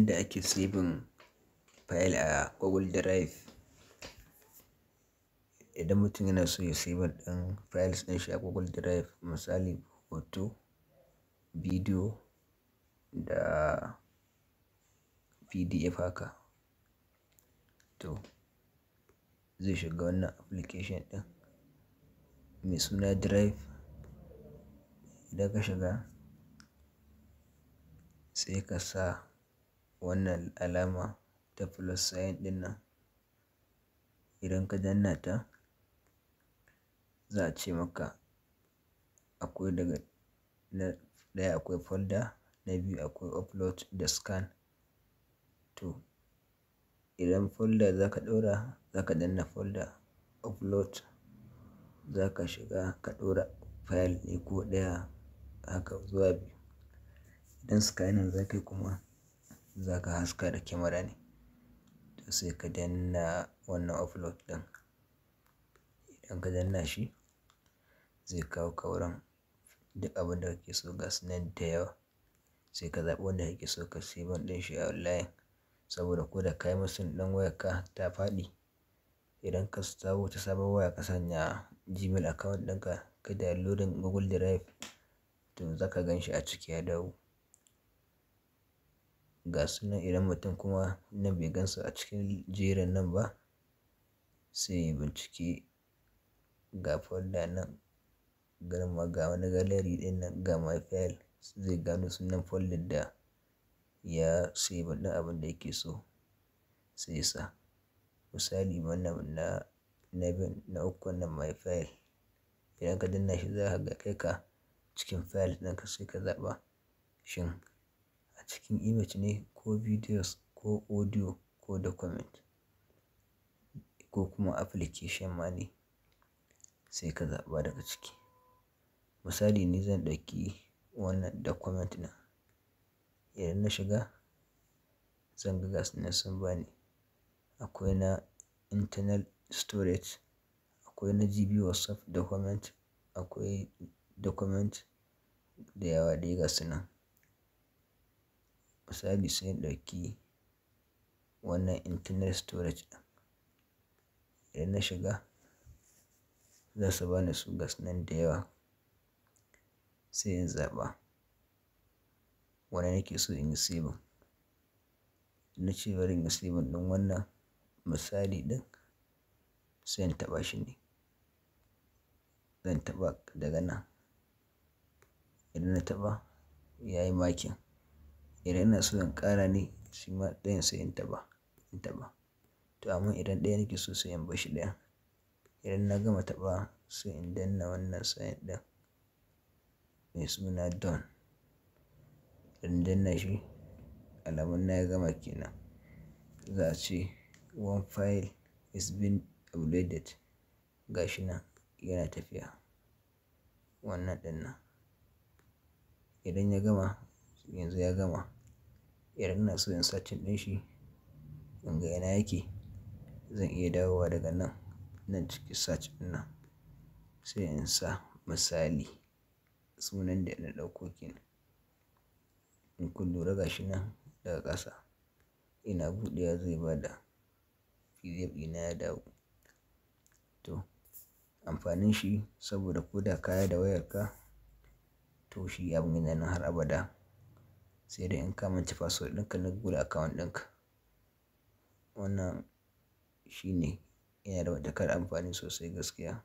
Inda ake saving file a Google Drive. Idan mutum yana so ya save ɗan files ɗin shi a Google Drive misali hoto, bidiyo da PDF haka to zai shiga wannan application ɗin mai suna Drive. Idan ka shiga sai ka sa wannan alama ta plus sign nan idan ka danna ta za a ce maka akwai daga na ɗaya akwai folda na biyu akwai upload da scan. To idan folda za ka ɗora za ka danna folder upload za ka shiga ka ɗora file ne ko ɗaya haka zuwa biyu. Idan scanning za ka yi kuma za ka haska da kyamara ne. To sai ka danna wannan offload ɗin. Idan ka danna shi zai kawo ka wurin duk abin da kake so ga sunan da yawa. Sai ka zaɓi wanda kake so ka saving ɗin shi a online saboda ko da ka yi ɗan ɗin wayarka ta faɗi. Idan ka samo ta sabon waya ka sanya Gmail account ɗinka ka da downloading Google Drive to za ka gan shi a ciki ya dawo. ga su idan mutum kuma na bai gansu a cikin jerin nan ba sai ya bincike ga folder nan garma ga wani galeri din nan ga my file zai gano sunan folder da ya sai ɗin abin da yake so sai sa misali wannan na na bin na uku wannan my file idan ka danna shi za ka ga kai ka cikin file ɗinka sai ka zaɓa shin a cikin image ne ko videos ko audio ko document ko kuma application ma ne sai ka zaɓa daga ciki. Misali ni zan ɗauki wannan document na idan na shiga zan ga gasu nan sun bani. Akwai na internal storage, akwai na GB WhatsApp document, akwai document da yawa dai gasu nan. misali sai ɗauki wannan internet storage ɗin. Idan na shiga za su bani su gas nan da yawa sai in zaɓa na nake so in yi saving. Na ce bari in yi saving ɗin wannan misali ɗin sai in taɓa shi ne. Zan taɓa daga nan idan na taɓa ya yi makin. Idan ina so in ƙara ne shi ma ɗayan sai in taɓa, in taɓa. To amma idan ɗaya nake so sai in shi ɗaya Idan na gama taɓa sai in danna wannan sign ɗin mai suna don Idan danna shi alamun na gama kenan. Za a ce one file is been uploaded. Ga shi nan yana tafiya. Wannan ɗin nan. Idan ya gama yanzu ya gama. Idan ina so in sacin ɗin shi in ga yana yake, zan iya dawowa daga nan, nan cikin sacin ɗin nan sai in sa misali sunan da na ɗauko kenan. In kun lura shi nan daga ƙasa ina buɗewa zai ba da PDF ɗina ya dawo. To amfanin shi saboda ko da ka da wayarka to shi abune nan har abada. sai dai in ka manta password ɗinka na Google account ɗinka. Wannan shine yana da matuƙar amfani sosai gaskiya.